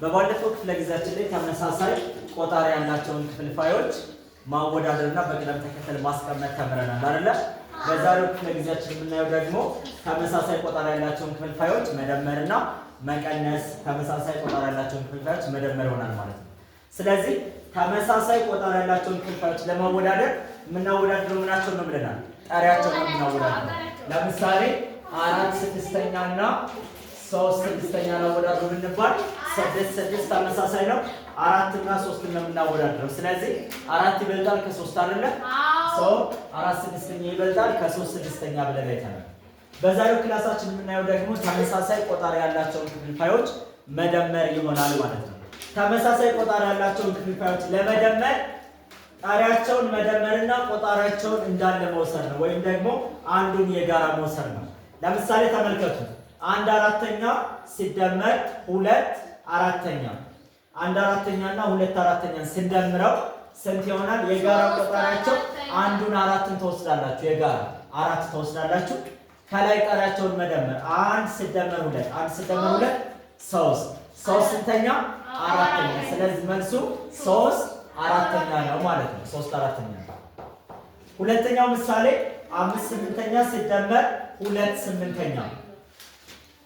በባለፈው ክፍለ ጊዜያችን ላይ ተመሳሳይ ቆጣሪ ያላቸውን ክፍልፋዮች ማወዳደርና በቅደም ተከተል ማስቀመጥ ተምረናል አይደለ? በዛሬው ክፍለ ጊዜያችን የምናየው ደግሞ ተመሳሳይ ቆጣሪ ያላቸውን ክፍልፋዮች መደመርና መቀነስ፣ ተመሳሳይ ቆጣሪ ያላቸውን ክፍልፋዮች መደመር ይሆናል ማለት ነው። ስለዚህ ተመሳሳይ ቆጣሪ ያላቸውን ክፍልፋዮች ለማወዳደር የምናወዳድረው ምናቸው ነው ብለናል? ጠሪያቸው ነው የምናወዳድረው። ለምሳሌ አራት ስድስተኛ እና ሶስት ስድስተኛ ነው ወዳዱ ብንባል ስድስት ስድስት ተመሳሳይ ነው። አራት እና ሶስት ነው የምናወዳድረው። ስለዚህ አራት ይበልጣል ከሶስት አይደለ? ሰው አራት ስድስተኛ ይበልጣል ከሶስት ስድስተኛ ብለን አይተናል። በዛሬው ክላሳችን የምናየው ደግሞ ተመሳሳይ ቆጣሪ ያላቸውን ክፍልፋዮች መደመር ይሆናል ማለት ነው። ተመሳሳይ ቆጣሪ ያላቸውን ክፍልፋዮች ለመደመር ጣሪያቸውን መደመርና ቆጣሪያቸውን እንዳለ መውሰድ ነው፣ ወይም ደግሞ አንዱን የጋራ መውሰድ ነው። ለምሳሌ ተመልከቱ አንድ አራተኛ ሲደመር ሁለት አራተኛ አንድ አራተኛና ሁለት አራተኛን ስንደምረው ስንት ይሆናል? የጋራ ቁጥራቸው አንዱን አራትን ተወስዳላችሁ። የጋራ አራት ተወስዳላችሁ። ከላይ ቀሪያቸውን መደመር አንድ ሲደመር ሁለት አንድ ሲደመር ሁለት ሶስት ሶስት ስንተኛ አራተኛ። ስለዚህ መልሱ ሶስት አራተኛ ነው ማለት ነው። ሶስት አራተኛ። ሁለተኛው ምሳሌ አምስት ስምንተኛ ሲደመር ሁለት ስምንተኛ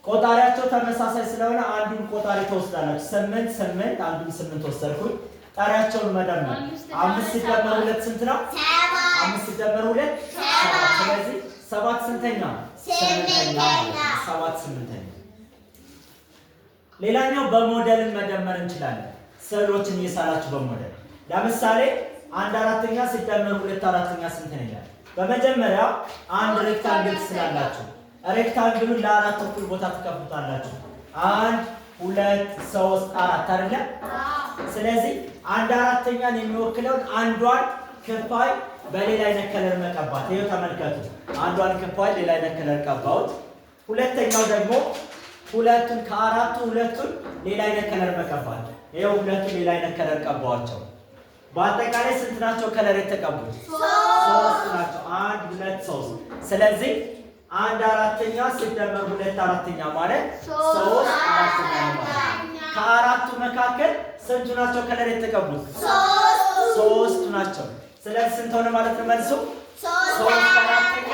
ቆጣሪያቸው ተመሳሳይ ስለሆነ አንዱን ቆጣሪ ትወስዳላችሁ። ስምንት ስምንት አንዱን ስምንት ወሰድኩኝ። ጠሪያቸውን ነው። አምስት ሲደመር ሁለት ስንት ነው? አምስት ሲደመር ሁለት ሰባት። ስለዚህ ሰባት ስንተኛ? ሰባት ስምንተኛ። ሌላኛው በሞዴልን መደመር እንችላለን። ስዕሎችን እየሳላችሁ በሞዴል ለምሳሌ አንድ አራተኛ ሲደመር ሁለት አራተኛ ስንት ነው ይላል። በመጀመሪያ አንድ ሬክታንግል ስላላችሁ ሬክታንግሉን ለአራት ተኩል ቦታ ትከፍሉታላችሁ። አንድ ሁለት ሶስት አራት አይደለ? ስለዚህ አንድ አራተኛን የሚወክለውን አንዷን ክፋይ በሌላ አይነት ከለር መቀባት። ይሄው ተመልከቱ። አንዷን ክፋይ ሌላ አይነት ከለር ቀባሁት። ሁለተኛው ደግሞ ሁለቱን ከአራቱ ሁለቱን ሌላ አይነት ከለር መቀባት። ይሄው ሁለቱን ሌላ አይነት ከለር ቀባዋቸው። በአጠቃላይ ስንት ናቸው ከለር የተቀቡት? ሶስት ናቸው። አንድ ሁለት ሶስት። ስለዚህ አንድ አራተኛ ሲደመር ሁለት አራተኛ ማለት ሶስት አራተኛ ማለት። ከአራቱ መካከል ስንቱ ናቸው ከለር የተቀቡት? ሶስቱ ናቸው። ስለዚህ ስንት ሆነ ማለት ነው? መልሱ ሶስት አራተኛ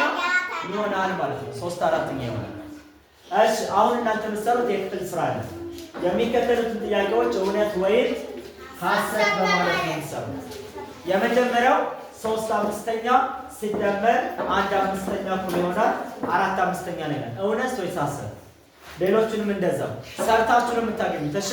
ይሆናል ማለት ነው። ሶስት አራተኛ ይሆናል። እሺ አሁን እናንተ የምትሰሩት የክፍል ስራ አለ። የሚከተሉትን ጥያቄዎች እውነት ወይም ሀሰት በማለት ነው የምትሰሩት። የመጀመሪያው ሶስት አምስተኛ ሲደመር አንድ አምስተኛ እኩል ይሆናል አራት አምስተኛ ነው ይላል። እውነት ወይስ ሐሰት? ሌሎቹንም እንደዛው ሰርታችሁን የምታገኙት እሺ